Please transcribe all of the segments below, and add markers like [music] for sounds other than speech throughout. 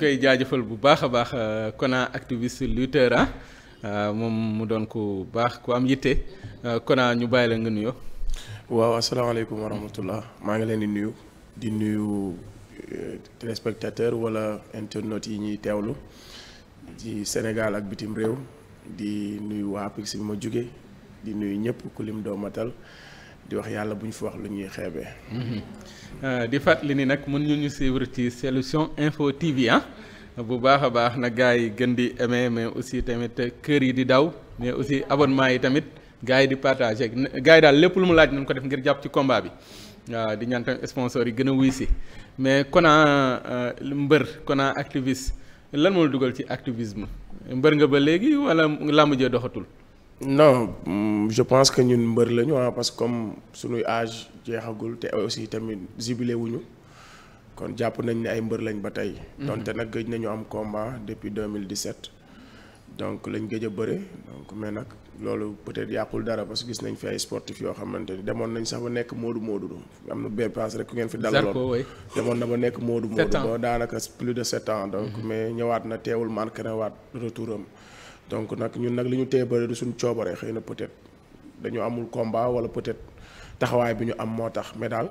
koy jaajëfal bu baax a baax euh, Kona activiste lutteur ah moom mu doon ku baax ku am yitte euh, Kona ñu bàyyi la nga nuyoo. waaw asalaamaaleykum wa rahmatullah maa ngi leen di nuyu di nuyu téléspectateur wala internautes yi ñuy teewlu ci Sénégal ak bitim réew di nuyu waa bi ma jóge di nuyu ñëpp ku lim di wax yàlla bu ñu fi wax lu ñuy xeebee. Mm-hmm. Euh, di fàttali ni nag mën ñu ñu suivre ci solution info TV ah bu baax a baax na gars yi gën di aimé mais aussi tamit kër yi di daw mais aussi abonnement yi tamit gars yi di partagé gars yi daal lépp lu mu laaj nañ ko def ngir jàpp ci komba bi. waaw di ñaan tamit sponsor yi gën a wuy si mais Kona euh, mbër Kona activiste lan moo dugal ci activisme mbër nga ba léegi wala làmb jee doxatul. non mm, je pense que ñun mbër lañu ah parce que comme suñuy âge jeexagul te aussi tamit jubilé wuñu kon jàpp nañ ni ay mbër lañ ba tey. Mhm. donte nag gëj nañu am combat depuis 2017. donc lañ gëj a bëre donc mais nag loolu peut-être yàqul dara parce que gis nañ fi ay yoo xamante ni demoon nañ sax ba nekk moodu moodu am na benn ku ngeen fi dalaloon demoon na ba nekk moodu moodu daanaka plus de sept ans donc mhm. mais ñëwaat na teewul manqué na waat retour am donc nag ñun nag li ñu tee bëri du suñu coobare xëy na peut-être dañu amul combat wala peut-être taxawaay bi ñu am moo tax mais daal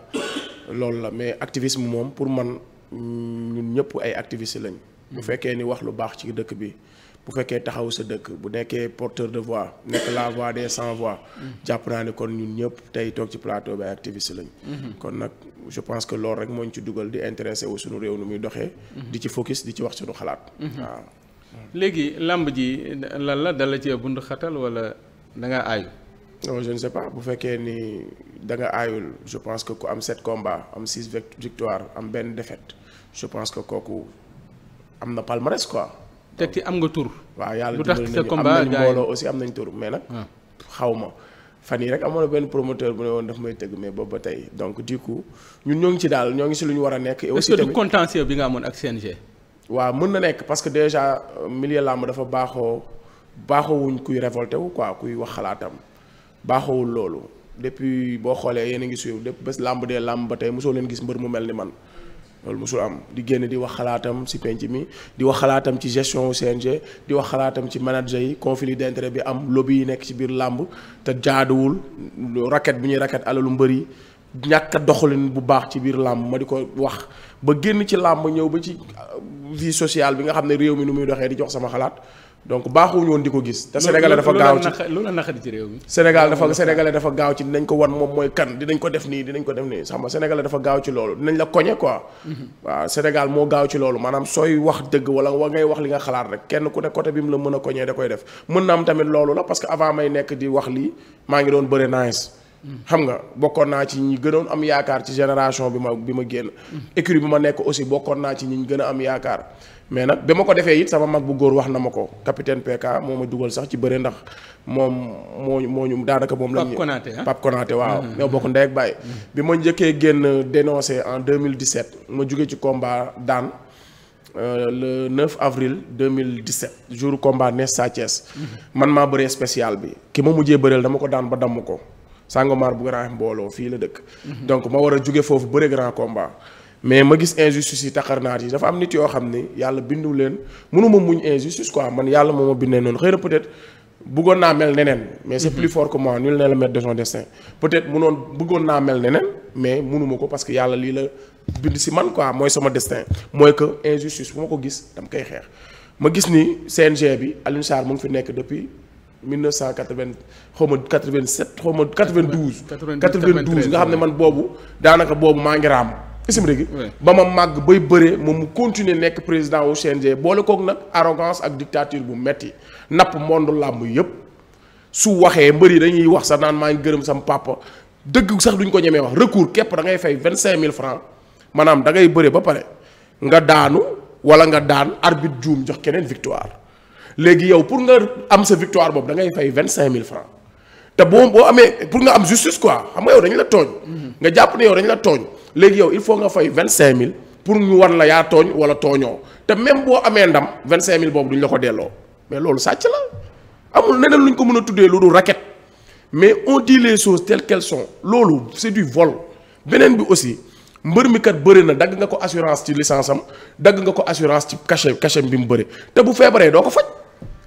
loolu la mais activisme moom pour man ñun ñëpp ay activistes lañ. bu fekkee ni wax lu baax ci dëkk bi bu fekkee taxaw sa dëkk bu nekkee porteur de voix nekk la voix des sans voix. jàpp naa ne kon ñun ñëpp tey toog ci plateau bi ay activistes lañ. kon nag je pense que loolu rek moo ñu ci dugal di intéressé wu suñu réew nu muy doxee. di ci focus di ci wax suñu xalaat. Mhm. léegi làmb ji lan la dala cee bund xatal wala da nga aayu. non je ne sais pas bu fekkee ni da nga aayul je pense que ku am sept combats am six victoire am benn défaite je pense que kooku am na palmarès quoi. te ci am nga tur. waa yàlla dimbali nañu am nañu mbooloo aussi am nañ tur mais nag. Ah. xaw ma fan yii rek amoon na benn promoteur bu ne woon daf may tëgg mais boobu ba tey donc du coup ñun ñoo ngi ci daal ñoo ngi si lu ñu war a nekk. et aussi tamit bi nga amoon ak CNG. waaw mën na nekk parce que déjà euh, millier làmb dafa baaxoo baaxoowuñ kuy révolté wu quoi kuy wax xalaatam baaxoowul loolu depuis boo xoolee yéen a ngi suivre depuis bés làmb dee làmb ba tey mosoo leen gis mbër mu mel ni man loolu mosul am di génn di wax xalaatam si penc mi di wax xalaatam ci gestion wu CNG di wax xalaatam ci manager yi conflit d'intérêt bi am lobby yi nekk ci biir làmb te jaaduwul raket bu ñuy racket alalu mbër yi ñàkk doxalin bu baax ci biir làmb ma di ko wax ba génn ci làmb ñëw ba ci vie sociale bi nga xam ne réew mi nu muy doxee di jox sama xalaat donc baaxuñu woon di ko gis. te Sénégalais dafa gaaw ci loolu naqari ci réew mi. Sénégal dafa Sénégalais dafa gaaw ci dinañ ko wan moom mooy kan dinañ ko def nii dinañ ko def nii xam nga Sénégalais dafa gaaw ci loolu dinañ la koñe quoi. Mm-hmm. Sénégal moo gaaw ci loolu maanaam sooy wax dëgg wala wa ngay wax li nga xalaat rek kenn ku ne côté bi mu la mën a koñee da koy def mën na am tamit loolu la parce que avant may nekk di wax lii maa ngi doon bëre nice xam nga bokkoon naa ci ñi gënoon am yaakaar ci génération bi ma bi ma génn. écurie bi ma nekk aussi bokkoon naa ci ñi gën a am yaakaar mais nag bi ma ko defee it sama mag bu góor wax na ma ko capitaine PK moo ma dugal sax ci bëre ndax moom moo moo ñu daanaka moom. lañ ñu Pape Konaté ah Pape Konaté waaw. Mm-hmm. ñoo bokk ndey ak baay. Mm-hmm. bi ma njëkkee génn dénoncé en 2017 ma jugee ci combat daan. Euh, le 9 avril 2017 jour combat ne Sa Thiès mm-hmm. man maa bëree spécial bi ki ma mujjee bëreel dama ko daan ba damm ko Sangomar bu grand mbooloo fii la dëkk. donc ma war a jóge foofu bëre grand combat. mais ma gis injustice yi taxarnaat yi dafa am nit yoo xam ni yàlla bindu leen mënuma muñ injustice quoi man yàlla moo ma bindee noonu xëy na peut-être bëggoon naa mel neneen. mais c'est plus fort que moi nul n'est le maître de son destin. peut-être mënoon bëggoon naa mel neneen mais mënuma ko parce que yàlla lii la bind si man quoi mooy sama destin. mooy que injustice bu ko gis dama koy xeex ma gis ni CNG bi Alioune Sarr mu ngi fi nekk depuis. 1980 xaw ma 87 xaw ma 92. 92 nga xam ne man boobu daanaka boobu maa ngi raam. isim rek ba ma màgg bay bëree moom mu continuer nekk président wu CNG boole kook nag arrogance ak dictature bu metti napp monde làmb yëpp su waxee mbër yi dañuy wax sa naan maa ngi gërëm sam papa dëgg sax duñ ko ñemee wax recours képp da ngay fay 25000 francs maanaam da ngay bëree ba pare nga daanu wala nga daan arbitre juum jox keneen victoire. léegi yow pour nga am sa victoire boobu da ngay fay vingt cinq mille francs te boo boo amee pour nga am justice quoi xam nga yow dañu la tooñ. Mhm. nga jàpp ne yow dañu la tooñ léegi yow il faut nga fay vingt cinq mille pour ñu war la yaa tooñ wala tooñoo te même boo amee ndam vingt cinq mille boobu duñ la ko delloo mais loolu sàcc la amul neneen luñ ko mën a tuddee lu dul racket mais on dit sous choses telles qu'elles loolu c'est du vol beneen bi aussi. mbër mi kat bëri na dagg nga ko assurance ci licence dagg nga ko assurance ci cachet cachet bi mu bëri te bu feebaree doo ko faj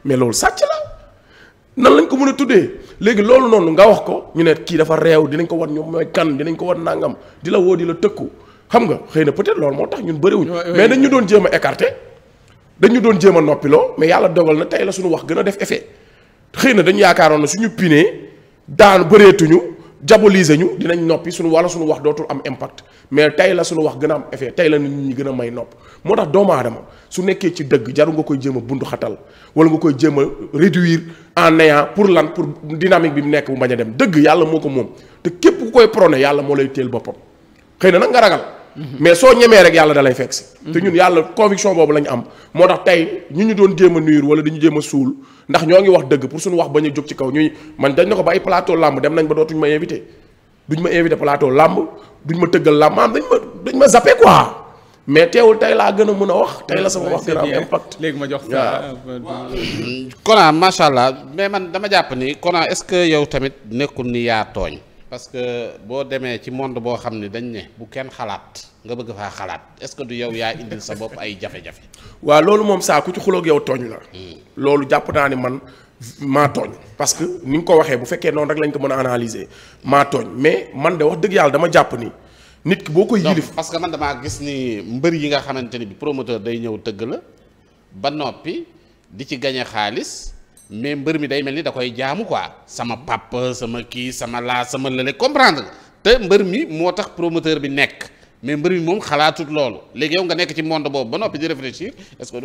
mais loolu sàcc la nan lañ ko mën a tuddee léegi loolu noonu nga wax ko ñu ne kii dafa reew dinañ ko war ñoom mooy kan dinañ ko war nangam di la woo di la tëkku xam nga xëy na peut-être loolu moo tax ñun bëriwuñ mais dañ ñu doon jéema a dañu doon jéem a noppiloo mais yàlla dogal na tey la suñu wax gën a def effet xëy na dañu yaakaaroon na suñu pinee daan bareetuñu diaboliser ñu dinañ noppi suñu wala suñu wax dootul am impact mais tey la suñu wax gën a am effet tey la nit ñi gën a may nopp moo tax doomu aadama su nekkee ci dëgg jaru nga koy jéem a bundu xatal wala nga koy jéem réduir en néant pour lan pour dynamique bi mu nekk bu bañ a dem dëgg yàlla moo ko moom te képp ku koy prôné yàlla moo lay teel boppam xëy na nag nga ragal. mais soo ñemee rek yàlla da lay fekk si. te ñun yàlla conviction boobu lañu am moo tax tey ñu ñu doon jéem a nuyur wala dañu jéem a suul ndax ñoo ngi wax dëgg pour suñu wax ba ñu jóg ci kaw ñuy man dañ na ko ba ay plateau làmb dem nañ ba dootuñ ma invité duñ ma invité plateau làmb duñ ma tëggal làmb am dañ ma dañ ma zappé quoi. mais teewul tey laa gën a mën a wax tey la sama wax gën a am impact léegi ma jox sa Kona macha allah mais man dama jàpp ni Kona est-ce que yow tamit nekkul ni yaa tooñ. parce que boo demee ci monde boo xam ne dañ ne bu kenn xalaat nga bëgg faa xalaat est-ce que du yow yaa indil sa bopp ay jafe-jafe. waaw loolu moom saa ku ci xuloog yow tooñ la. Hmm. loolu jàpp naa ne man maa tooñ. parce que ni nga ko waxee bu fekkee noonu rek lañ ko mën a analyser maa tooñ mais man de wax dëgg yàlla dama jàpp ni. nit ki boo ko yilif parce que man damaa gis ni mbër yi nga xamante ni bi promoteur day ñëw tëgg la ba noppi di ci gañe xaalis. mais mbër mi day mel ni da koy jaamu quoi sama papa sama kii sama laa sama lële comprendre te mbër mi moo tax promoteur bi nekk mais mbër mi moom xalaatut loolu léegi yow nga nekk ci monde boobu ba noppi di réfléchir est-ce que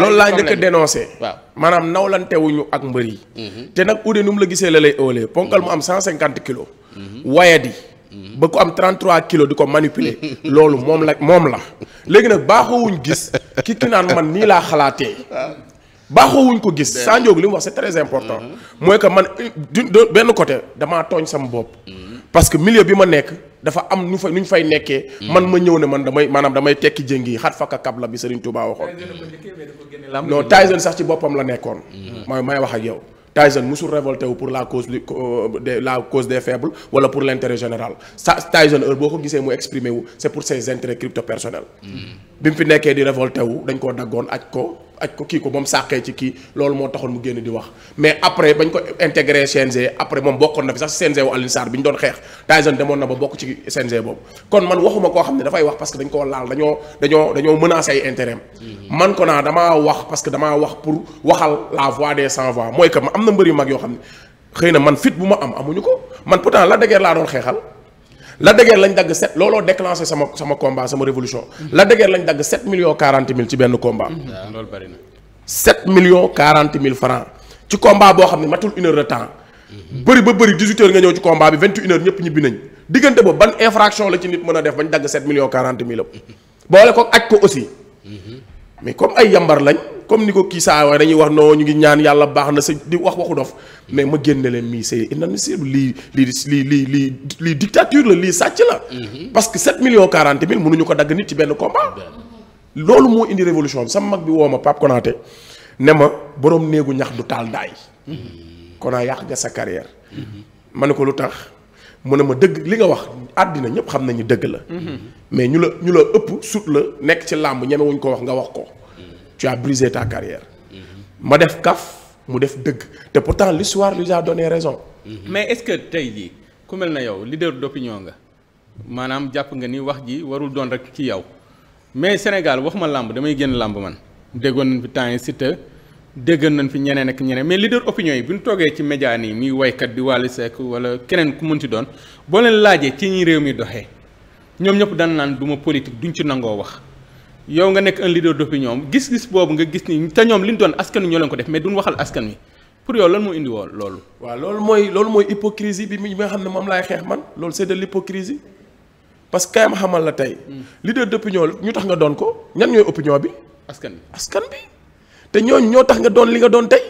loolu laa njëkk a dénoncé waaw maanaam nawlantewuñu ak mbër yi mhm. te nag ude nu mu la gisee la lay ëwalee ponkal mu am cent cinquante kilos mhm. wayadi mhm. ba ko am 33 kilos di ko manipuler [laughs] loolu moom la moom la léegi nag baaxoowuñ gis [laughs] ki ki naan man nii laa xalaatee ah. baaxoowuñ ko gis Sandiog li mu wax c'est très important mm-hmm. mooy que man benn côté damaa tooñ sama bopp mm-hmm. parce que milieu bi ma nekk dafa am nu fa nu ñu fay nekkee mm-hmm. man ma ñëw ne man damay maanaam damay tekki jéng yi xat fakka kab la bi Serigne Touba waxoon non Tyson sax ci boppam la nekkoon mooy may wax ak yow Tyson musul révolté wu pour la cause euh, de la cause des faibles wala pour l'intérêt général sa Tyson heure boo ko gisee mu exprimer wu c'est pour ses intérêts crypto bi mu fi nekkee di révolté wu dañ koo daggoon aj ko aj ko kii ko ba mu ci kii loolu moo taxoon mu génn di wax mais après bañ ko intégré CNG après moom bokkoon na fi sax CNG wu Alioune Sarr bi ñu doon xeex Tyson demoon na ba bokk ci CNG boobu kon man waxuma koo xam ne dafay wax parce que dañ koo laal dañoo dañoo dañoo menacé ay intérêt mhm. man ko naa damaa wax parce que damaa wax pour waxal la voix des sans mooy que ma am na mbër yu mag yoo xam ne xëy na man fit bu ma am amuñu ko man pourtant la dëgër laa doon xeexal la degee Guiers lañ dagg 7 looloo déclenché sama sama combat sama révolution Lac de Guiers lañ dagg 7 millions 40 mille ci benn combat. waaw mm-hmm. loolu bari mille francs ci combat boo xam ne matul une heure de temps. Mm-hmm. bëri ba bëri 18 heures nga ñëw ci combat bi 21 heures ñëpp ñibbi nañ diggante ba ban infraction la ci nit mën a def bañ dagg 7 millions 40 mille am. [laughs] boole ko aj ko aussi. Mm-hmm. mais comme ay yambar lañ. comme ni ko kii saa wax dañuy wax noo ñu ngi ñaan yàlla baax na sa di wax waxu dof mais ma génne leen mii c'est inadmissible lii lii lii lii lii lii dictature la lii sàcc la. Mhm. parce que 7 millions 40 mille mënuñu ko dagg nit ci benn combat. loolu moo indi révolution bi sama mag bi woo ma Pape Konaté ne ma boroom néegu ñax du taal daay. Mhm. kon a yàq nga sa carrière. Mhm. ma ne ko lu tax mu ne ma dëgg li nga wax àddina ñëpp xam nañu dëgg la. mais ñu la ñu la ëpp sut la nekk ci làmb ñeme wuñ ko wax nga wax ko. tu as brisé carrière. ma def kaf mu def dëgg te pourtant l'histoire lui a donne raison. mais est-ce que tey jii ku mel na yow leader d'opinion nga maanaam jàpp nga ni wax ji warul doon rek ci yow mais Sénégal wax ma làmb damay génn làmb man déggoon nañ fi temps yi Siteu déggoon nañ fi ñeneen ak ñeneen mais leader opinion yi bu ñu toogee ci média nii muy waykat di Wally Seck wala keneen ku mënti doon boo leen laajee ci ñi réew mi doxee ñoom ñëpp daan naan du ma politique duñ ci nangoo wax. yow nga nekk un leader d'opinion gis-gis boobu nga gis ni te ñoom li ñu doon askan wi ñoo leen ko def mais duñ waxal askan wi pour yow lan moo indi woon loolu. waaw loolu mooy mooy hypocrisie bi mi nga xam ne moom laay xeex man loolu c'est de l'hypocrisie parce que kay xamal la tey. Hmm. leader d'opinion ñu tax nga doon ko ñan ñooy ñoo bi. askan bi askan bi te ñooñu ñoo tax nga doon li nga doon tey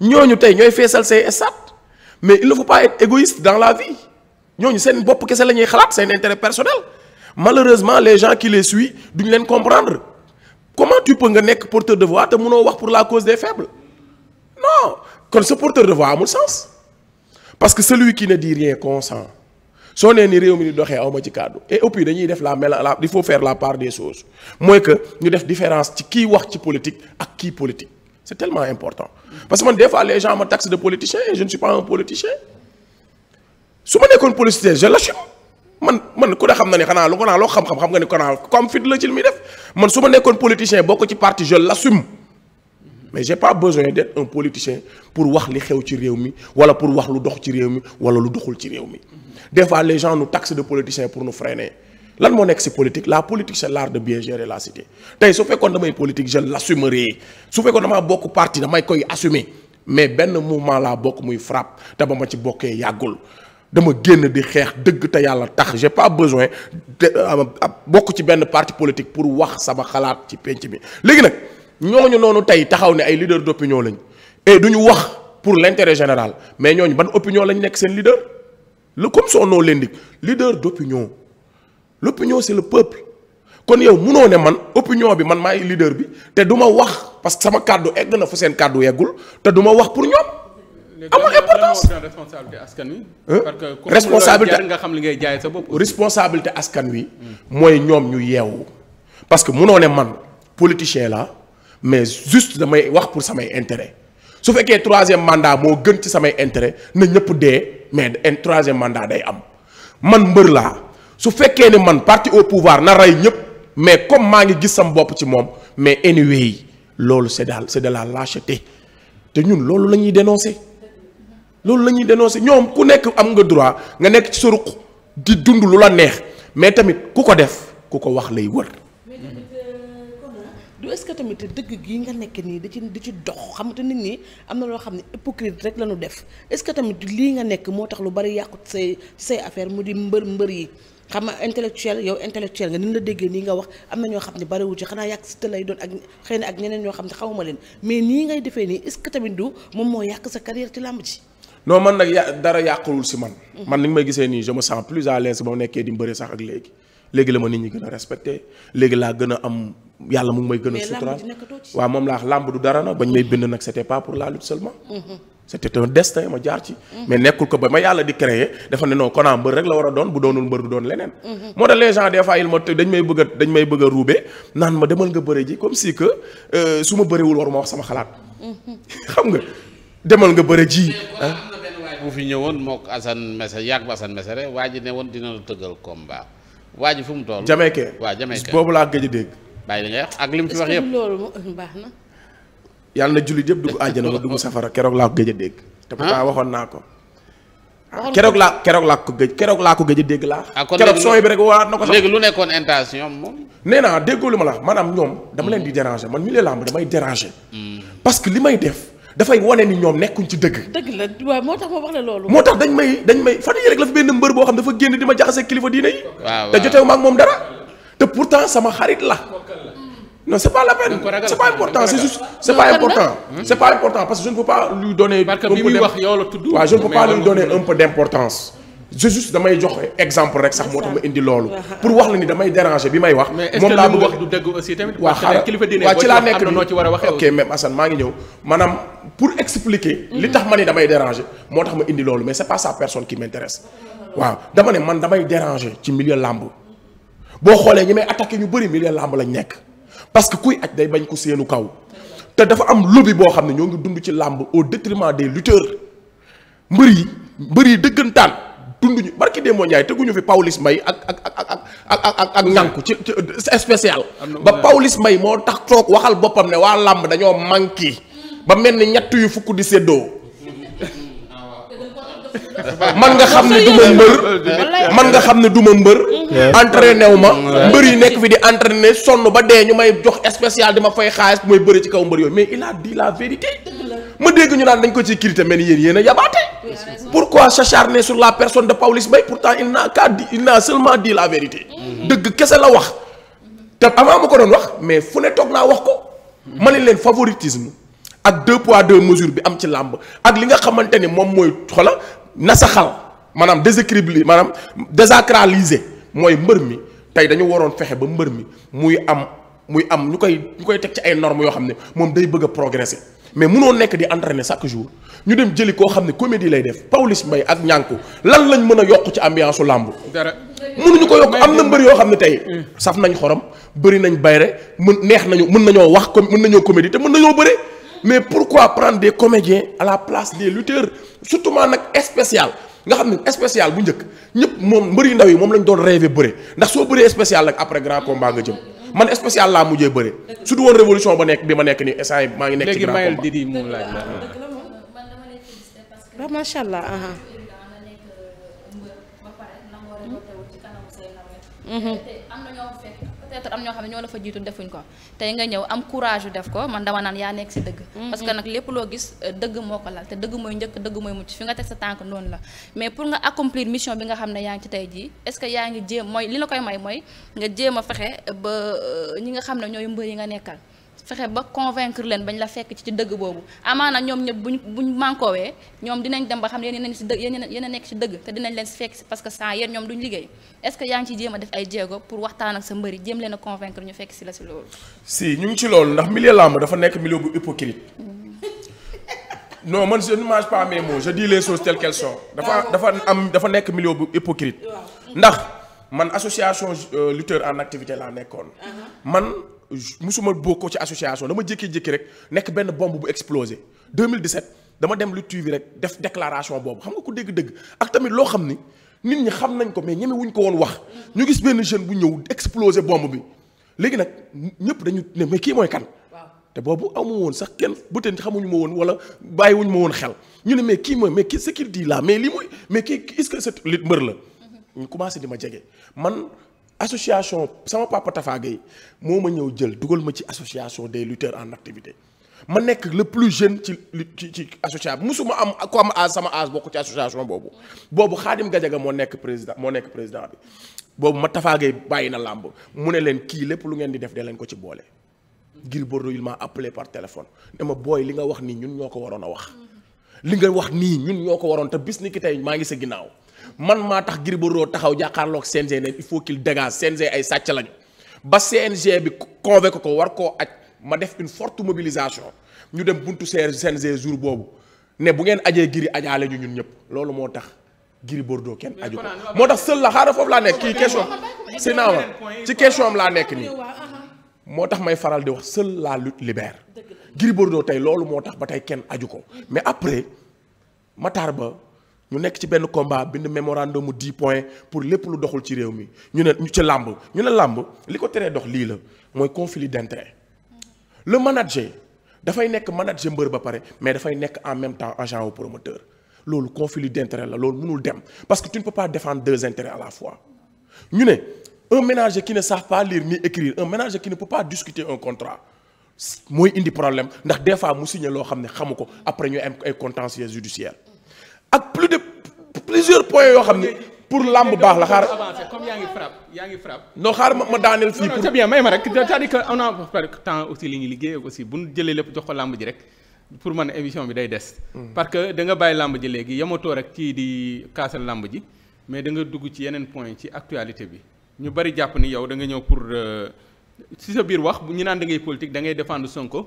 ñu tey ñooy feesal say stade mais il ne faut pas être dans la vie ñooñu seen bopp kese la ñuy xalaat seen intérêt personnel. malheureusement les gens qui les suivent duñ leen comprendre comment tu peux nga nekk porteur de voix te mënoo wax pour la cause des faibles non kon sa porteur de voix amul sens parce que celui qui ne dit rien consent soo nee ni réew mi di doxee awma ci kàddu et puis dañuy def la mel il faut faire la part des choses mooy que ñu def différence ci kii wax ci politique ak kii politique c' tellement important parce que man des fois les gens me taxent de politicien et je ne suis ma nekkoon politicien l' man man ku ne xam na ne xanaa lu ko naa loo xam-xam xam nga ni kon a am fit la ci li muy def man su ma nekkoon politicien bokk ci parti je l'assume mais j'ai pas besoin d'être un politicien pour wax li xew ci réew mi wala pour wax lu dox ci réew mi wala lu doxul ci réew mi des fois les gens nous taxent de politiciens pour nous freiner lan moo nekk ci politique la politique c'est l'art de bien gérer la cité tey su fekkoon damay politique je l'assumerai su fekkoon damaa bokk parti damay koy assumer mais benn mouvement laa bokk muy frappe te ba ma ci bokkee yàggul dama génn di xeex dëgg te yàlla tax j'ai pas besoin de euh, bokk ci benn parti politique pour wax sama xalaat ci penc bi léegi nag ñooñu noonu tey taxaw ne ay leader d'opinion lañ du ñu wax pour l'intérêt général mais ñooñu ban opinion lañu nekk seen leader le comme son nom l'indique leader d'opinion l'opinion c'est le peuple kon yow munoo ne man opinion bi man maay leader bi te du ma wax parce que sama kàddu egg na fu seen kàddu yeggul te du wax pour ñoom amul importance responsabilité askan wi. parce nga xam li ngay jaay sa bopp. responsabilité askan wi. mooy ñoom ñu yeewu. parce que munoo ne man politicien la mais juste damay wax pour samay intérêt su fekkee troisième mandat moo gën ci samay intérêt na ñëpp dee mais un troisième mandat day am man mbër laa su fekkee ne man parti au pouvoir na rey ñëpp mais comme maa ngi gis sama bopp ci moom mais anyway loolu c'est daal c'est de la lâcheté te ñun loolu la ñuy loolu la ñuy dénoncer ñoom ku nekk am nga droit nga nekk ci sa ruq di dund lu la neex mais tamit ku ko def ku ko wax lay wër. Euh, du est-ce tamit dëgg gii nga nekk nii di ci di ci dox xam te nit ñi am na loo xam ne hypocrite def est-ce que nga nekk moo tax lu bari yàqut say say affaire mu di mbër mbër yi xam nga intellectuel yow intellectuel nga ni la déggee nii nga wax am na ñoo xam ne bariwu ci xanaa yàq si te lay doon ak xëy na ak ñeneen ñoo xam ne xawma leen mais nii ngay defee nii est-ce que tamit du moom moo yàq sa carrière ci làmb ci non man nag ya dara yàquwul si man. man ni may gisee nii je me plus à l'aise ba mu nekkee di mbëre sax ak léegi léegi la ma nit ñi gën a léegi laa gën am yàlla mu may gën a sutural waaw moom laa làmb du dara nag bañ may bind nag c'était pas pour la lutte seulement. Mhm. c'était un destin ma jaar ci. mais nekkul ko ba ma yàlla di créer dafa ne non konaa mbër rek la war a doon bu doonul mbër du doon leneen. Mhm. moo tax les gens des fois il ma dañ may bëgg a dañ a ruube naan ma demal nga bëre ji comme si que euh, su ma bërewul waruma wax sama xalaat. Mhm. xam nga demal nga bëre ji ku fi ñëwoon mook Assane Mese yàgg Assane Mesere waa ji ne woon dina la tëggal combat waa ji fu mu toll. Jamaïcain waaw Jamaïcain boobu laa gëj a dégg. bàyyi li nga ak li mu ci wax baax na. yàlla na jullit yëpp dugg àjjana ba dugg safara keroog laa ko gëj a dégg. te ah? pourtant waxoon naa ko. Ah, keroog laa keroog laa ko gëj keroog laa ko gëj a dégg laa. Ah, keroog sooy bi rek waa na ko sax lu nekkoon intention moom. nee naa déggoo lu ma la maanaam ñoom dama leen di mm. déranger man mi leen làmb damay déranger. Mm. parce li may def dafay wane ni ñoom nekkuñ ci dëgg. dëgg la waaw moo tax ma wax la loolu. moo tax dañ may dañ may fan yii rek la fi benn mbër boo xam dafa génn di ma jaxase kilifa diine yi. waaw te joteewu ma moom dara. te pourtant sama xarit la. non c'est pas la peine c'est pas important c'est pas important hmm? c'est pas important parce que je wax yow la tudd. waaw je d'importance. je juste damay jox exemple rek sax moo tax ma indi loolu. pour wax la ni damay déranger bi may wax. moom laa bëgg wax du dëgg aussi tamit. waaw xaaral waaw ci laa nekk nii ok mais Assane maa ngi ñëw maanaam pour expliquer. Mm-hmm. li tax ma ni damay déranger moo tax ma indi loolu mais c'est pas sa personne qui m'intéresse. waaw dama ne man damay déranger ci milieu làmb boo xoolee ñi may attaqué ñu bëri milieu làmb lañ nekk parce que kuy aj day bañ ko seenu kaw te dafa am lobby boo xam ne ñoo ngi dund ci làmb au détriment de lutteurs mbër yi mbër dëggantaan. dunduñu barki démb Ndiaye teguñu fi Pawlish may ak ak ak ak ak ak ak Ngankou ci spécial. ba Pawlish Mbaye moo tax toog waxal boppam ne waa làmb dañoo manqué ba mel ni ñett yu fukk di séddoo. man nga xam ne du mbër man nga xam ne du ma mbër entraîné wu ma mbër yi nekk fi di entraîné sonn ba dee ñu may jox spécial di ma fay xaalis mooy bëri ci kaw mbër yooyu mais il a la vérité ma dégg ñu naan dañ ko ci critiquer mel ni yéen yéen a yabaate. pourquoi s'acharner sur la personne de Pawlish Mbaye pourtant il n'a qu'à dire il n'a seulement dit la vérité. dëgg kese la wax. te avant ama ko doon wax mais fu ne toog naa wax ko. ma ne leen favoritisme ak deux poids deux mesures bi am ci làmb ak li nga xamante ni moom mooy xoola nasaxal maanaam déséquilibré maanaam désacralisé mooy mbër mi tey dañu waroon fexe ba mbër mi muy am muy am ñu koy koy teg ci ay normes yoo xam ne moom day bëgg a mais munoo nekk di entraîner chaque jour ñu dem jëli koo xam ne comédie lay def Pawlish Mbaye ak ñànku lan lañ mën a yokk ci ambiance su làmb. dara mënuñu ko yokk am na mbër yoo xam ne tey. Mm. saf nañ xorom bëri nañ bayre mën neex nañu mën nañoo wax comme mën nañoo comédie mën nañoo bëre mais pourquoi prendre des comédiens à la place des lutteurs surtout nag spécial. nga xam ne spécial bu njëkk ñëpp moom mbër yu ndaw yi moom lañ doon rêvé bëre ndax soo bëree spécial ak après grand combat nga jëm. man spécial laa mujjee bëre. su du woon révolution ba nekk bi ma nekk nii instant yi maa ngi nekk. ci grand combat léegi mayal la. macha ah. euh, allah. Mm peut am ñoo xam ne ñoo la fa jiitu defuñ ko tey nga ñëw am courage def ko man dama naan yaa nekk si dëgg mm-hmm. parce que nag lépp loo gis euh, dëgg moo ko lal te dëgg mooy njëkk dëgg mooy mucc fi nga teg sa tànk noonu la mais pour nga accomplir mission bi nga xam ne yaa ngi ci tey jii est-ce que yaa ngi jéem mooy li la koy may mooy nga jéem a fexe ba euh, ñi nga xam ne ñooy mbër yi nga nekkal fexe ba convaincre leen bañ la fekk ci dëgg boobu amaana ñoom ñëpp buñ buñ mànkoowee ñoom dinañ dem ba xam ne yéen a si dëgg yéen a nekk si dëgg te dinañ leen si fekk parce que sans yéen ñoom duñ liggéey est-ce que yaa ngi ci jéem a def ay jéego pour waxtaan ak sa mbëri jéem leen a convaincre ñu fekk si la si loolu si ñu ngi ci loolu ndax milieu lamb ma nekk milieu bu hypocrite mm. non man les choses telles qu'elles sont dafa am dafa nekk milieu bu hypocrite ndax man association euh, lutteur en activité laa nekkoon uh-huh. man musuma ko ci association dama jékki-jékki rek nekk benn bomb bu explosé 2017 dama dem lu tuivi rek def déclaration boobu xam nga ko dégg-dëgg ak tamit loo xam ni nit ñi xam nañ ko mais ñeme wuñ ko woon wax ñu gis benn jeune bu ñëw explosé bombe bi léegi nag ñëpp dañu ne mais kii mooy kan. te boobu amu woon sax kenn bu te xamuñu ma woon wala bàyyiwuñu ma woon xel ñu ne mais kii mooy mais kii ce qu'il dit mais lii mooy mais kii est-ce que c'est li mm-hmm. ñu commencé di jege man. association sama papa Tafa moo ma ñëw jël dugal ma ci association des lutteurs en activité ma nekk le plus jeune ci ci ci association musuma am comme âge sama âge bokk ci association boobu boobu Khadim Gadiaga moo nekk président moo nekk président bi boobu ma Tafa Gueye bàyyi na làmb mu ne leen kii lépp lu ngeen di def de leen ko ci boole. Gris Bordeaux il m'a appelé par téléphone dama booy li nga wax nii ñun ñoo ko waroon a wax. li nga wax nii ñun ñoo ko waroon te bis ni ki tey maa ngi sa ginnaaw. man maa tax Gris Bordeaux taxaw jàkkaarloog CNG ne il faut qu'il dégage CNG ay sàcc lañu ba CNG bi convoqué ko war koo aj ma def une forte mobilisation ñu dem buntu CNG jour boobu ne bu ngeen ajee Gris ajaale ñu ñun ñëpp loolu moo tax Gris Bordeaux kenn aju ko moo tax seul la xaaral foofu laa nekk kii question si naa ma ci question am laa nekk nii moo tax may faral di wax seul la lutte libère Gris Bordeaux tey loolu moo tax ba tey kenn aju ko mais après Ba ñu nekk ci benn combat bind mémorandum mu 10 points pour lépp lu doxul ci réew mi ñu ne ñu ci làmb ñu ne làmb li ko teree dox lii la mooy conflit d'intérêt le manager dafay nekk manager mbër ba pare mais dafay nekk en même temps agent au promoteur loolu conflit d'intérêt la loolu mënul dem parce que tu ne peux pas défendre deux intérêts à ñu ne un ménager qui ne sax pas liir ni écrire un ménager ki ne peut pas discuter un contrat mooy indi problème ndax des fois mu signé loo xam ne xamu ko après ñu am ay contentieux judiciaire ak plus de plusieurs points yoo xam ne pour làmb baax la xaar. comme yaa ngi frappe yaa ngi frappe. non xaar ma ma daaneel fii. pour c'est bien may ma rek c'est-à-dire que a temps aussi li ñu liggéey aussi bu ñu jëlee lépp jox ko làmb ji rek pour man émission bi day des. Mm. parce que da nga bàyyi làmb ji léegi yematoo rek kii di kaasal làmb ji mais da nga dugg ci yeneen point ci actualité bi ñu bari jàpp ni yow da nga ñëw pour euh, si sa biir wax bu ñu naan da ngay politique da ngay défendre Sonko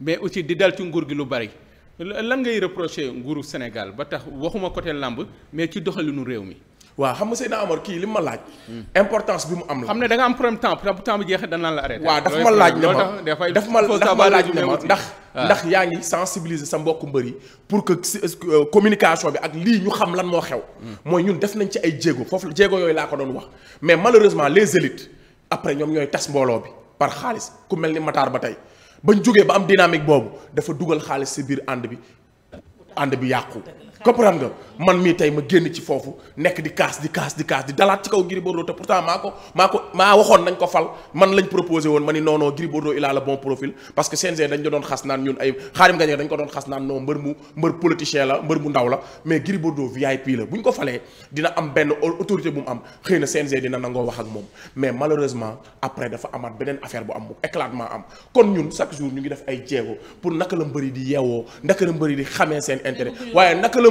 mais aussi di dal ci nguur gi lu bari. lan ngay reprocher nguuru Sénégal ba tax waxuma côté làmb mais ci doxalinu réew mi. waa xam nga Seydina Omar kii li ma laaj. Hmm. importance bi mu am la. xam ne da nga am problème temps temps bu jeexee danañ la arrêté. waaw daf ma laaj ne ma daf ma daf ma laaj ma ndax. Ah. ndax yaa ngi sensibiliser sa mbokku mbëri pour que euh, communication bi ak lii ñu xam lan moo xew. Hmm. mooy ñun def nañ ci ay jéego foofu jéego yooyu laa ko doon wax mais malheureusement les élites après ñoom ñooy tas mbooloo bi par xaalis ku mel ni Matar ba tey. bañ jógee ba am dynamique boobu dafa dugal xaalis si biir ànd bi ànd bi yàqu comprendre nga man mii tey ma génn ci foofu nekk di kaas di kaas di kaas di dalaat ci kaw Gris Bordeaux te pourtant maa ko maa ko maa waxoon nañ ko fal man lañ proposé woon ma ni non non Gris Bordeaux il a le bon profil parce que CNG dañ ko doon xas naan ñun ay xaarim gañe dañ ko doon xas naan non mbër mu mbër politicien la mbër mu ndaw la mais Gris Bordeaux VIP la bu ñu ko falee dina am benn autorité bu mu am xëy na CNG dina nangoo wax ak moom après dafa amaat beneen affaire bu am bu éclatement am kon jour ñu ngi def ay jéego pour naka la mbëri di yeewoo naka la seen intérêt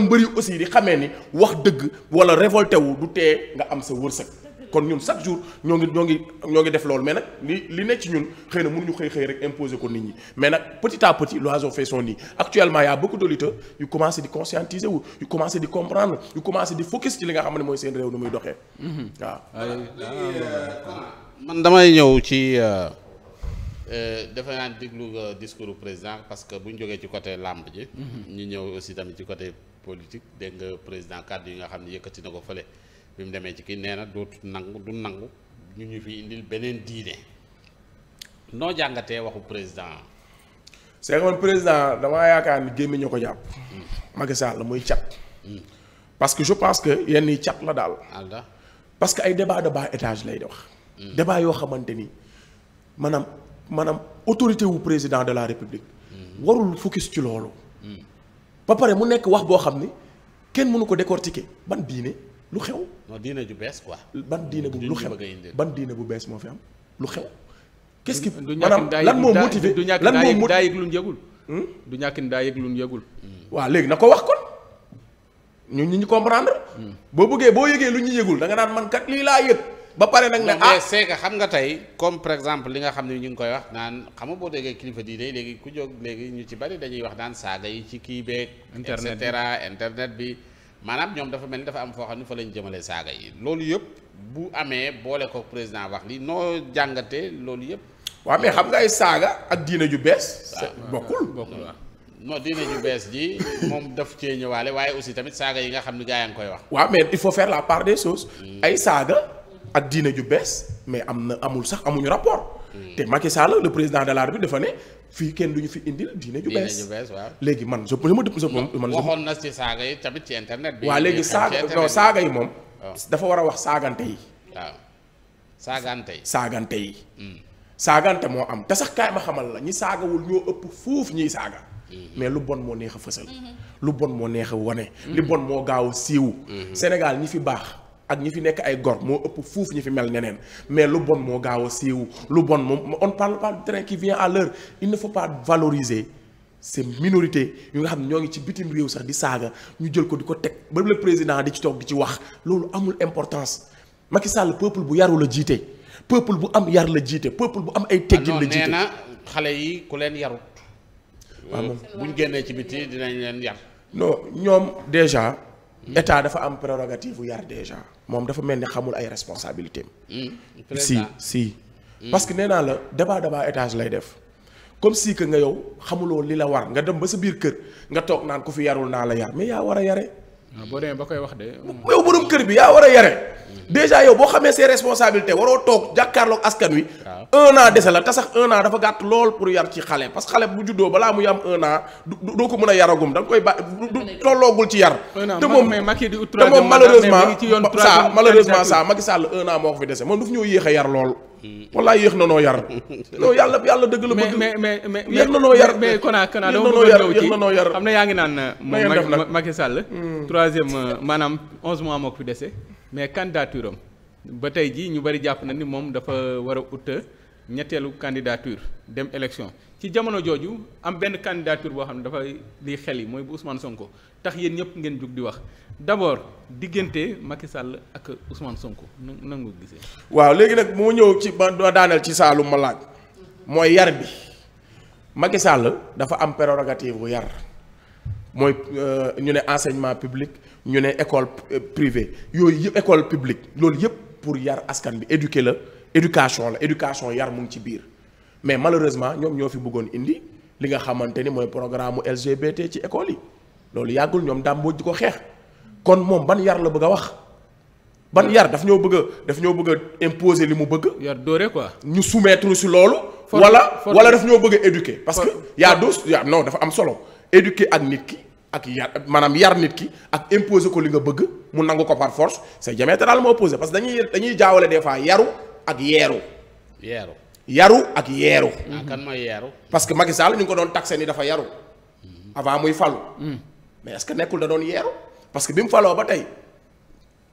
mbër aussi di xamee ni wax dëgg wala révolté wu du tee nga am sa wërsëg kon ñun chaque jour ñoo ngi ñoo ngi ñoo ngi def loolu mais nag li li ne ñun xëy na ñu xëy xëy rek imposer ko nit ñi mais nag petit à petit l'oiseau fait son actuellement y a beaucoup de lutteurs yu commencé di conscientiser wu yu commencé di comprendre yu commencé di focus ci li nga xam ne mooy seen réew ni muy doxee. waaw. man damay ñëw ci euh, euh, defe naa déglu euh, discours président parce que bu ñu jógee ci côté làmb ji. ñu ñëw aussi tamit ci côté. politique dégg nga président kàddu yi nga xam ne yëkkati na ko fële bi mu demee ci kii nee na dootu nangu du nangu ñu ñu fi indil beneen diine noo jàngatee waxu président. c'est que man président damaa yaakaar ni gémmiñ ko jàpp. Hmm. Macky Sall la muy cat. Hmm. parce que je pense que yenn yi cat la daal. parce que ay débat de bas étage lay wax. Hmm. débat yoo xamante ni maanaam maanaam autorité wu président de la république. warul focus ci loolu. ba pare mu nekk wax boo xam ni kenn mënu ko décortiquer ban diine lu xew. non diine bees quoi. ban diine bu lu xew ban diine bu bees moo fi am lu xew. qu'est-ce qui maanaam lan moo motivé du ñàkk daa yëg daa yëg lu ñu yëgul. du ñàkk ni daa yëg lu ñu yëgul. Hmm? Hmm. waaw léegi na ko wax kon ñu ñu ñu comprendre. Hmm. boo bëggee boo yëgee lu ñu yëgul da nga naan man kat lii laa yëg. ba pare nag ne ah c'est xam nga tey comme par exemple li nga xam ne ñu ngi koy wax naan xam nga boo déggee kilifa diine léegi ku jóg léegi ñu ci bari dañuy wax naan saaga yi ci kii beeg. et cetera internet bi. maanaam ñoom dafa mel ni dafa am foo xam ne fa lañu jëmale saaga yi loolu yëpp bu amee boole ko président wax li noo jàngatee loolu yëpp. waaw mais xam nga ay saaga ak diina ju bees. bokkul bokkul non diine ju bees ji [laughs] moom daf cee ñëwaale waaye aussi tamit saaga yi nga xam ne gaa yaa ngi koy wax. waaw hmm. saaga. ak diine ju bees mais am na amul sax amuñu rapport. Hmm. te Macky Sall le président de la République dafa ne fii kenn du ñu fi indil diine ju bees. diine ju bees waaw léegi man je ma dëpp. man waxoon na ci saaga yi tamit ci internet bi. léegi saaga non yi moom. Oh. dafa war a wax saagante yi. saagante yi. Hmm. saagante moo am te sax kaay ma xamal la ñi saagawul ñoo ëpp fuuf ñiy saaga. Hmm. mais lu bon moo neex a fësal. lu bon moo neex a wane. li bon moo gaaw a siiw. Sénégal ñi fi baax. ak ñi fi nekk ay gor moo ëpp foofu ñi fi mel neneen mais lu bon moo gaaw a siiw lu bon moom on parle pas du train qui vient à l'heure il ne faut pas valoriser ces minorités yu nga xam ne ñoo ngi ci bitim réew sax di saaga ñu jël ko di ko teg ba le président di ci toog di ci wax loolu amul importance Macky Sall peuple bu yaru la jiite peuple bu am yar la jiite peuple bu am ay teggin la jiite ah nee na xale yi ku leen yarut. waaw buñ génnee ci biti dinañ leen yar. non ñoom déjà. Mm. état dafa am prérogative bu yar déjà moom dafa mel ni xamul ay responsabilités am mm. si si mm. parce que nee naa la débat débat étage lay def comme si que nga yow xamuloo li la war nga dem ba sa biir kër nga toog naan ku fi yarul naa la yar mais yaa war a yare Ah, boo demee ba koy wax de. Hmm. yow borom kër bi yaa war a yare déjà yow boo xamee ses responsabilités waroo toog jàkkaarloog askan wi. un an dese la te sax un an dafa gàtt lool pour yar ci xale parce que xale bu juddoo balaa muy am un an doo ko mën a yaragum da koy ba du tolloogul ci yar. te moom te moom malheureusement. saa malheureusement saa Macky Sall un an moo ko fi dese moom daf ñoo yéex a yar lool. walaay yéex na noo yar. non yàlla yàlla dëgg la bëgg. mais mais mais yéex na noo Kona Kona dama bëgg a ñëw ci yéex na noo yar xam na yaa ngi naan. na def nag Macky Sall. Hmm. troisième euh, maanaam onze mois moo fi dese mais candidature am ba tey jii ñu bari jàpp na ni moom dafa war a ut. ñetteelu candidature dem élection ci jamono jooju am benn candidature boo xam ne dafay lii xel yi mooy bu Ousmane Sonko tax yéen ñëpp ngeen jug di wax d'abord diggante Macky Sall ak Ousmane Sonko nan nga gisee. waaw léegi nag moo ñëw ci ma daaneel ci saalum ma laaj mooy yar bi Macky Sall dafa am prérogative bu yar mooy euh, ñu ne enseignement public ñu ne école euh, privée yooyu yëpp école publique loolu yëpp pour yar askan bi éduquer la. éducation la éducation yar mu ngi ci biir mais malheureusement ñoom ñoo fi bëggoon indi li nga xamante ni mooy programme mu LGBT ci école yi loolu yàggul ñoom daam boo di ko xeex kon moom ban yar la bëgg a wax ban yar daf ñoo bëgg daf ñoo bëgg a imposer li mu bëgg. yar doore quoi. ñu soumettre si loolu. wala wala daf ñoo bëgg a parce que yaa dos yaa non dafa am solo éduquer ak nit ki. ak yar maanaam yar nit ki ak imposer ko li nga bëgg mu nangu ko par force c'est diamétralement opposé que dañuy dañuy jaawale des fois yaru ak yeeru. yeeru yaru ak yeeru. Ah, kan mooy yeeru. parce que Macky Sall ñu ngi ko doon taxé ni dafa yaru. avant muy falu. Hmm. mais est que nekkul da doon yeeru parce que bi mu faloo ba tey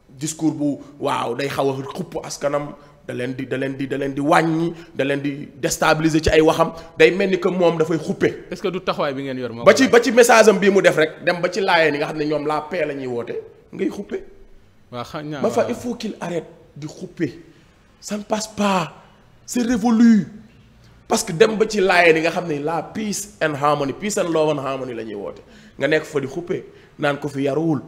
discours bu waaw day xaw a xupp askanam da leen di da leen di da leen di wàññi da leen di déstabiliser ci ay waxam day mel ni que moom dafay xuppe. est que du taxawaay bi ngeen yor moom ba ci ba ci message am bii mu def rek dem ba ci laayeen yi nga xam ne ñoom laa paix la ñuy woote ngay xuppe. waaw xam naa ba fa il faut di xuppe. ça ne passe pas c'est révolu parce que dem ba ci laayeen yi nga xam ne la peace and harmony peace and love and harmony la ñuy woote nga nekk fa di xuppe naan ko fi yaruwul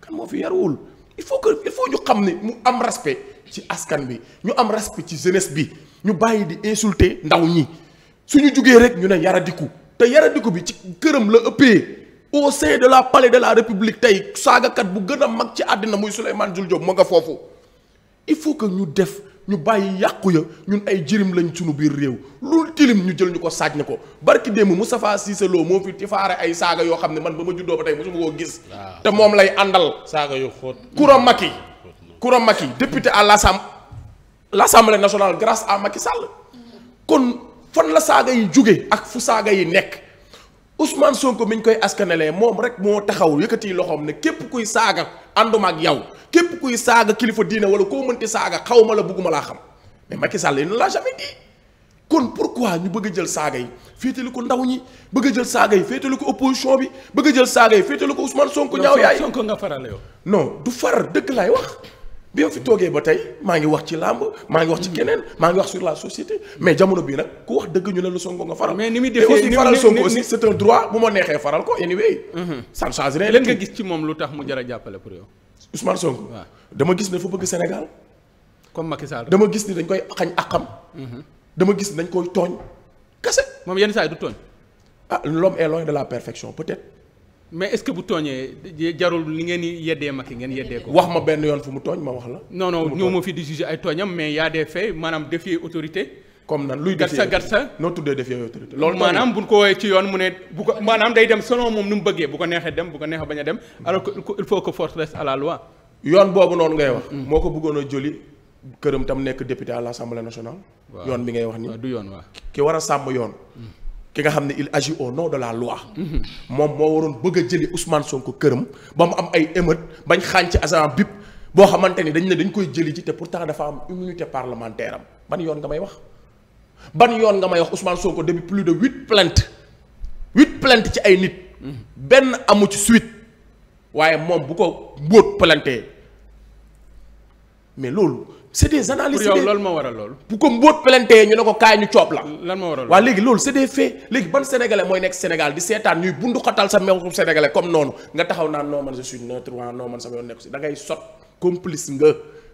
kan moo fi yaruwul il faut que il faut ñu xam ne mu am respect ci askan bi ñu am respect ci jeunesse bi ñu bàyyi di insulter ndaw ñi suñu jugee rek ñu ne yaradiku te yaradiku bi ci këram la ëppee oo sein de la palais de la république tey saagakat bu gën a mag ci àddina muy Souleymane Jules Diop moo nga foofu il faut que ñu def ñu bàyyi yàqu ya ñun ay jirim lañ suñu biir réew lu tilim ñu jël ñu ko saaj na ko barki démb Moustapha Cissé Lo moo fi tifaare ay saaga yoo xam ne man ba ma juddoo ba tey ma koo gis. te moom lay àndal. saaga yu xóot Koura Macky. Koura Macky député à l'Assemblée nationale grâce à Macky Sall. kon fan la saaga yi jóge ak fu saaga yi nekk. Ousmane Sonko mi ñu koy askanalee moom rek moo taxaw yëkkati loxoom ne képp kuy saaga ànduma ak yow képp kuy saaga kilifa diina wala koo mënti saaga xaw ma la bugguma laa xam mais Macky Sall il ne l'a jamais dit kon pourquoi ñu bëgg jël saaga yi féetali ko ndaw ñi bëgg jël saaga yi féetali ko opposition bi bëgg jël saaga yi féetali ko Ousmane Sonko ñaaw yaay Sonko nga faral yow non du far dëkk laay wax. bi ma fi toogee ba tey maa ngi wax ci làmb maa ngi wax ci mm. keneen maa ngi wax sur la société mais jamono bi nag ku wax dëgg ñu ne la Sonko nga faral. mais ni muy defee aussi faral Sonko aussi c'est un droit bu ma neexee faral ko anyway. Mm-hmm. ça ne leen nga gis ci moom lu tax mu jar a jàppale pour yow. Ousmane Sonko. dama gis ne fa bëgg Sénégal. comme Macky Sall dama gis ni dañ koy xañ àqam. Mm-hmm. dama gis ni dañ koy tooñ. kese moom yenn saa yi du tooñ. ah l'homme est loin de la perfection peut-être. mais est-ce que bu tooñee jarul li ngeen di yeddee Macky ngeen yeddee ko. wax ma benn yoon fu mu tooñ ma wax la. non non ñoo ma fi di juger ay tooñam mais y a des faits maanaam défier autorité. comme nan luy défier gatsa gatsa. noo tuddee défier autorité. loolu maanaam bu ñu ko woowee ci yoon mu ne bu ko maanaam day dem selon moom nu mu bëggee bu ko neexee dem bu ko neexee bañ a dem mm. alors que il faut que force reste à la loi. yoon boobu noonu ngay wax. Mm. moo ko bëggoon a joli këram tam nekk député à l'Assemblée nationale. yoon bi ngay wax yoon waaw ki a sàmm yoon. Mm. ki nga xam ne il agit au no de la loi. moom moo waroon bëgg a jëli son ko këram ba mu am ay émeute bañ xaañ ci agent BIP boo xamante ni dañ ne dañ koy jëli ci te pourtant dafa am immunité parlementaire am ban yoon nga may wax. ban yoon nga may wax ausman Ousmane ko depuis plus de huit plaintes huit plaintes ci ay nit. benn amu ci suite waaye moom bu ko mbóot plante mais loolu c'est des analyses pour yow moo waral loolu. bu ko mbóot plantee ñu ne ko kaay ñu coob la. lan léegi loolu c'est des faits léegi ban sénégalais mooy nekk Sénégal di seetaan ñuy bundu xatal sa meew sénégalais comme noonu nga taxaw naan non man je suis neutre waaw non man sama yoon nekk si da sot complice nga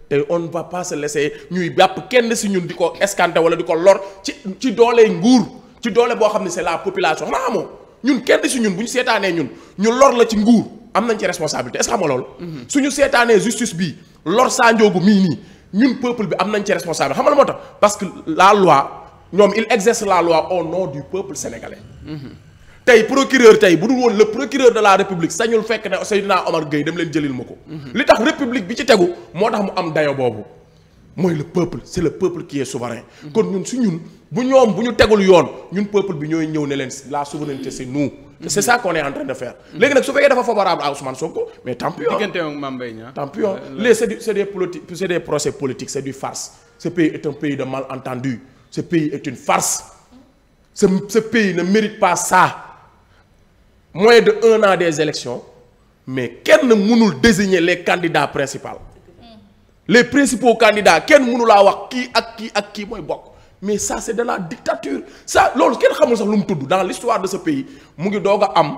te on va pas se laisser ñuy bàpp kenn si ñun di ko escanter wala di ko lor ci ci doole nguur ci doole boo xam ne c'est la population xanaa amoo ñun kenn si ñun bu ñu seetaanee ñun ñu lor la ci nguur am nañ ci responsabilité est-ce que xam nga loolu. Mhm. suñu seetaanee justice bi lor saa njoogu mii nii ñun peuple bi am nañ ci responsable xam moo tax parce que la loi ñoom il exerce la loi au nom du peuple sénégalais. Mhm. tey procureur tey bu dul woon le procureur de la république sañul fekk ne Seydina Omar Gueye dem leen jëlil ma ko. Mhm. li tax république bi ci tegu moo tax mu am dayo boobu. mooy le peuple c'est le peuple qui est souverain. Mhm. kon ñun su ñun bu ñoom bu ñu tegul yoon ñun peuple bi ñooy ñëw ne leen la souveraineté c'est nous. c' ça qu' on est en train de faire. Mm-hmm. léegi nag su fekkee dafa favorable à Ousmane Sonko mais tant pis. diggante ak Mame Mbaye Niang tant du c' des politiques c' du farce ce pays est un pays de malentendus ce pays est une farce ce pays ne mérite pas ça moins de un an des élections mais kenn mënul désigner les candidats principaux mm. les principaux candidats kenn mënulaa wax kii ak kii ak kii mooy bokk. mais ça c'est de la dictature ça loolu kenn xamul sax lu mu tudd dans l'histoire de ce pays mu ngi doog am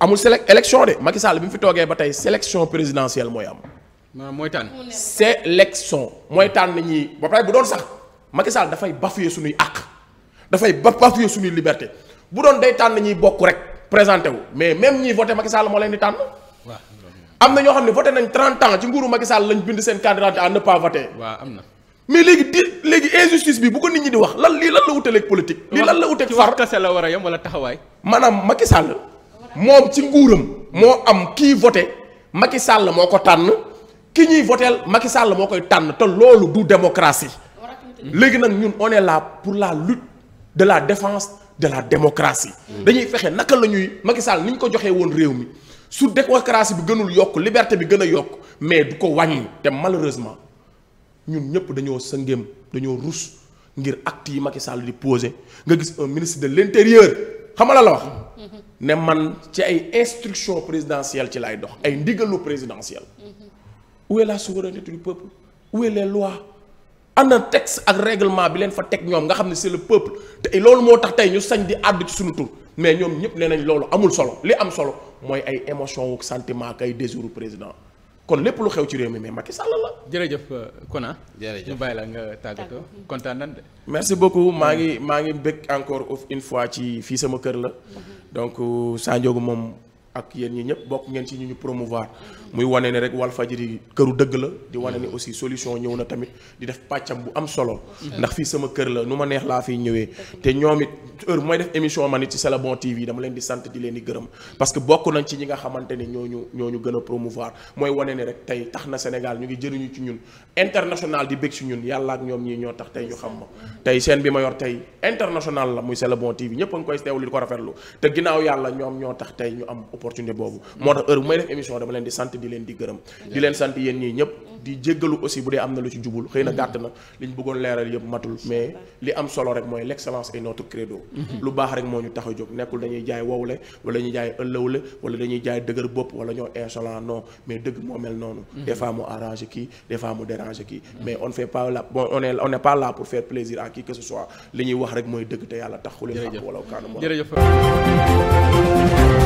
amul sele élection de Macky Sall bi mu fi toogee ba tey sélection présidentielle mooy am. mooy tànn. sélection mooy tànn ñi ba pare bu doon sax Macky Sall dafay bafouer suñuy àq dafay bafouer suñuy liberté bu doon day tànn ñiy bokk rek présenté wu mais même ñiy voté Macky Sall moo leen di tànn. am na ñoo xam ne voté nañ 30 ans ci nguuru Macky Sall lañ bind seen candidat à ne pas am na. mais léegi di léegi injustice bi bu ko nit ñi di wax lan lii lan la wutaleeg politique. lii lan la wuteeg far kase la war a yem wala taxawaay. maanaam Macky Sall moom ci nguuram moo am kii voté Macky Sall moo ko tànn ki ñuy voteel Macky Sall moo koy tànn te loolu du démocratie. léegi nag ñun on est pour la lutte de la défense de la démocratie. dañuy fexe naka la ñuy Macky Sall ni ñu ko joxee woon réew mi su démocratie bi gënul yokk liberté bi gën a yokk mais du ko wàññi te malheureusement. ñun ñëpp dañoo sëngéem dañoo rus ngir acte yi Macky Sall di posé nga gis un ministre de l'intérieur xamala la wax ne man ci ay instruction présidentielle ci lay dox ay ndigalu présidentielle où est la souveraineté du peuple où est les lois ana texte ak règlement bi leen fa teg ñoom nga xam ne c'est le peuple te loolu moo tax tey ñu sañ di àddu ci suñu tur mais ñoom ñëpp nee nañ loolu amul solo li am solo mooy ay émotion wu sentiment ak ay président kon lépp lu xew ci réew mi mais Macky Sall la. jërëjëf euh, Kona. jërëjëf ñu bàyyi la nga tàggatoo kontaan de. merci beaucoup maa ngi maa ngi bëgg encore une fois ci fii sama kër la mm-hmm. donc euh, Sandiogou moom ak yéen ñi ñëpp bokk ngeen ci ñu ñu promouvoir muy wane ne rek Walfadjri këru dëgg la di wane ne aussi solution ñëw na tamit di def pàccam bu am solo ndax fii sama kër la nu ma neex laa fiy ñëwee te ñoom it heure bu def émission man it ci C'est TV dama leen di sant di leen di gërëm parce que bokk nañ ci ñi nga xamante ne ñooñu ñooñu gën a promouvoir mooy wane ne rek tey tax na Sénégal ñu ngi jëriñu ci ñun international di bëgg ci ñun yàlla ak ñoom ñii a ngi opportunité boobu moo tax heure bu may def émission dama leen di sant di leen di gërëm di leen sant yéen ñii ñëpp di jéggalu aussi bu dee am na lu ci jubul xëy na gàtt na li ñu bëggoon leeral yëpp matul mais li am solo rek mooy l'excellence est notre credo lu baax rek moo tax a jóg nekkul dañuy jaay wowle wala dañuy jaay ëllëwle wala dañuy jaay dëgër bopp wala ñoo insolent non mais dëgg moo mel noonu des mu arrangé kii des